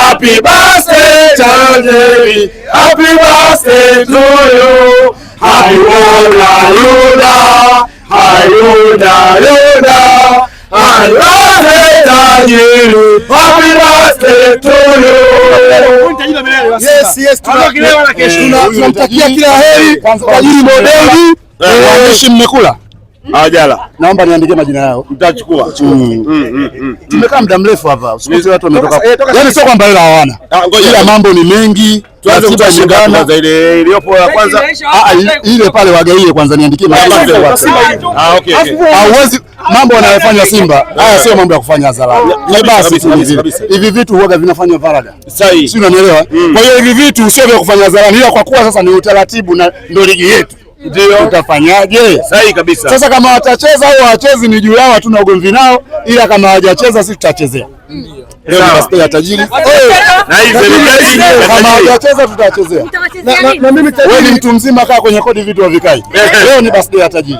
Happy birthday, Tanzania. Happy birthday to you. Hayuda, yuda, hayuda, yuda. Hayuda, tajiri. Happy birthday to you. Yes, yes, tunamtakia kila heri tajiri modeli. Eh, waandishi mmekula hawajala. Ah, naomba niandike majina yao, mtachukua. Mm. Mm, mm, Tumekaa muda mrefu hapa, usikute watu wametoka. Eh, yaani sio kwamba hela hawana, ah, ila mambo ni mengi. Tuanze Ile iliyopo ya kwanza. Ah, ah, ile pale wagaie kwanza, niandikie hauwezi mambo wanayofanya Simba haya sio mambo ya kufanya Ni Basi hivi vitu huaga vinafanywa faraga, si unanielewa? Kwa hiyo hivi vitu sio vya kufanya hadharani, ila kwa kuwa sasa ni utaratibu na ndio ligi yetu ndio tutafanyaje? Sahihi kabisa. Sasa kama watacheza au hawachezi ni juu yao, hatuna ugomvi nao, ila kama hawajacheza sisi tutachezea ya tajiri kama hawajacheza tutachezea. Wewe ni mtu mzima, kaa kwenye kodi, vitu havikai. Leo ni birthday ya tajiri,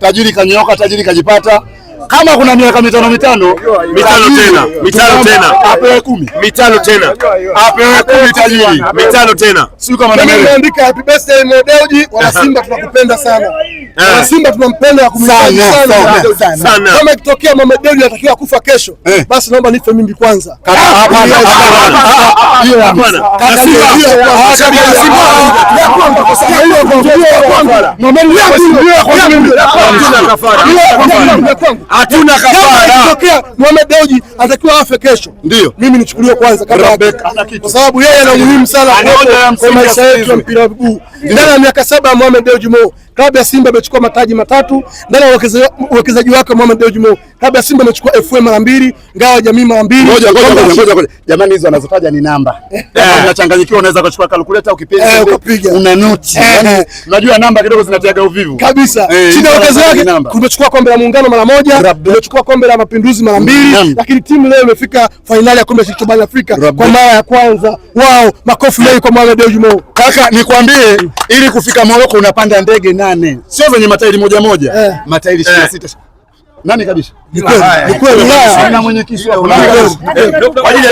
tajiri kanyoka, tajiri kajipata kama kuna miaka mitano mitano mitano tena mitano tena apewe kumi mitano tena apewe kumi tajiri mitano tena, sio kama nani nimeandika happy birthday Modeuji. wa eh. Simba tunakupenda sana, eh. wana Simba tunampenda na kumhitaji sana sana. Kama ikitokea Modeuji atakiwa kufa kesho, eh. basi naomba nife mimi kwanza. Ah, hapana. Hatuna kafara. Mohamed Dewji atakiwa afe kesho, ndio mimi nichukuliwe kwanza, kwa sababu yeye ana muhimu sana kwa maisha yetu ya mpira wa miguu. Ndani ya miaka saba ya Mohamed Dewji Mo, klabu ya Simba imechukua mataji matatu ndani ya uwekezaji wake Mohamed Dewji Mo labda Simba imechukua FA mara mbili, Ngao ya Jamii mara mbili. Ngoja ngoja ngoja ngoja, jamani, hizo anazotaja ni namba. Eh. Unachanganyikiwa, unaweza kuchukua calculator ukipiga, eh, ukipiga una noti. Eh, yaani unajua namba kidogo zinatiaga uvivu kabisa. chini ya yote yake, kumechukua kombe la muungano mara moja, tumechukua kombe la mapinduzi mara mbili, lakini timu leo imefika fainali ya kombe la shirikisho barani Afrika Rabbe. kwa mara ya kwanza. Wao makofi mengi kwa Mohamed Dewji. Kaka, nikwambie ili kufika Moroko unapanda ndege nane, sio zenye matairi moja moja, matairi 26. Nani kabisa? Ni kweli. Ni kweli. Na mwenye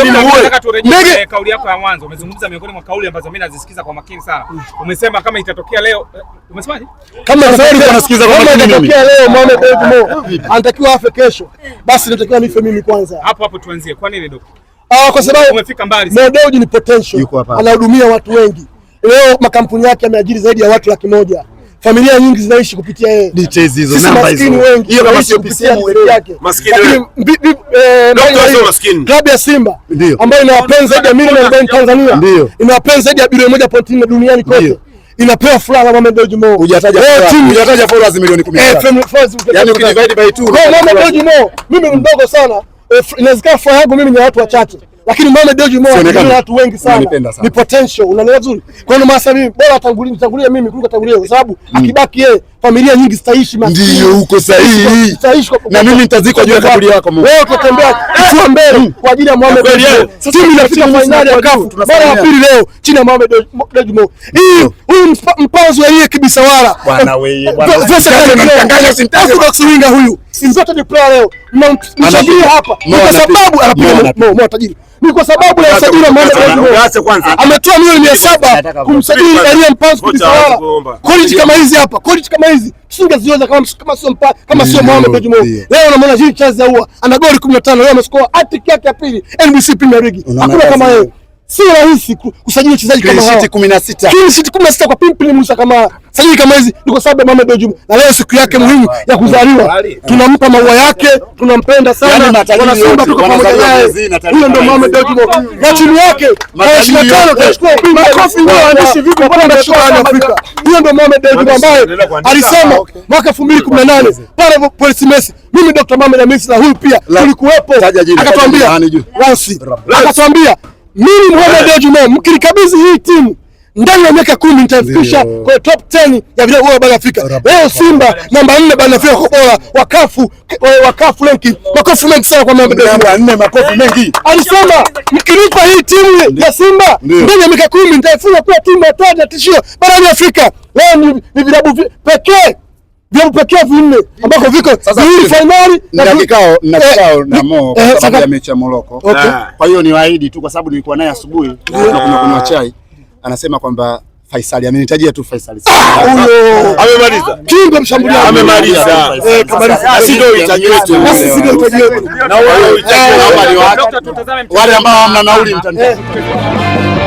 wa kauli yako ya mwanzo umezungumza miongoni mwa kauli ambazo mimi nazisikiza kwa makini sana. Umesema kama itatokea leo eh, umesemaje? Kama kweli unasikiza kwa makini mimi. Itatokea leo Mohamed ah, Mo anatakiwa afe kesho. Basi natakiwa nife mimi kwanza. Hapo hapo tuanzie. Kwa nini dogo? Ah, kwa sababu umefika mbali sana. Mo Dewji ni potential. Anahudumia watu wengi. Leo makampuni yake yameajiri zaidi ya watu laki moja familia nyingi zinaishi kupitia yeye. hizo hizo. namba Maskini. maskini. wengi hiyo kama sio yake. Klabu eh, ya Simba ndio ambayo ina wapenzi zaidi ya milioni arobaini Tanzania, Ndio. Ina wapenzi zaidi ya bilioni 1.4 duniani kote inapewa furaha na Mohamed Dewji. Hujataja hujataja followers milioni 10. Eh, 15. Yaani ukidivide by 2. Kwa Mohamed Dewji, mimi mdogo sana, eh, inawezekana furaha yangu mimi ni watu wachache lakini Mohamed Dewji umeona watu wengi sana, ni potential, unaelewa vizuri. Kwa hiyo maana mimi bora tangulie nitangulie mimi kuliko tangulie, kwa sababu mm. akibaki yeye, familia nyingi zitaishi. Ndio huko sahihi, zitaishi na mimi nitazikwa juu ya kaburi lako. Wewe utatembea kwa ah! mbele mm. kwa ajili ya Mohamed Sasa Timu inafika finali ya CAF mara ya pili leo chini ya Mohamed Dewji. Hii huyu mpanzo yeye kibisa wala bwana wewe, bwana wewe, unamchanganya usimtaje huyu, ni player leo, mnamshabiria hapa kwa sababu anapiga Mo tajiri ni kwa sababu ya usajili wa Mohamed. Ametoa milioni mia saba kumsajili Dalian Pons kujitawala. College kama hizi hapa, college kama hizi singeziweza kama kama sio mpa kama sio Mohamed Dewji Mo. Leo unamwona Jean Charles Ahoua ana goli 15 leo amescore hat-trick yake ya pili NBC Premier League. Hakuna kama yeye si rahisi kusajili wachezaji kama hawa. Clean sheet 16 kwa Pimpini Musa kama sajili kama hizi ni kwa sababu Mohamed Dewji, na leo siku yake muhimu ya kuzaliwa, tunampa maua yake, tunampenda sana, yaani wana Simba tuko pamoja naye. Huyo ndo Mohamed Dewji na timu yake, tarehe 25 tutachukua ubingwa. Makofi leo anaishi vipi kwa bara la Afrika? Huyo ndo Mohamed Dewji ambaye alisema ah, mwaka 2018 pale polisi Messi, mimi Dr. Mohamed Messi na huyu pia tulikuwepo, akatuambia yaani akatuambia mimi eh. Mohamed Ejuma mkilikabidhi hii timu ndani ya miaka kumi nitaifikisha kwa top 10 ya vilabu bora bara Afrika. Leo Simba namba 4 bara Afrika kwa bora wakafu wakafu ranking. Makofi mengi sana kwa Mohamed Ejuma. Namba 4 makofi mengi. Alisema mkinipa hii timu ya Simba ndani ya miaka kumi nitaifunga kuwa timu ya taji tatu tishio barani Afrika. Leo ni vilabu pekee vyombo pekee vinne ambako viko viwili finali na kikao na eh, kikao eh, na Mo eh, kwa sababu ya mechi ya Morocco. Ah. Kwa hiyo niwaahidi tu, kwa sababu nilikuwa naye asubuhi ah. na kunywa kunywa chai, anasema kwamba Faisali amenitajia tu Faisali. Ah, huyo amemaliza. Kingo mshambuliaji amemaliza. Eh, kamaliza. Sio hitaji wetu. Basi sio hitaji wetu. Na wale ambao hamna nauli mtandao.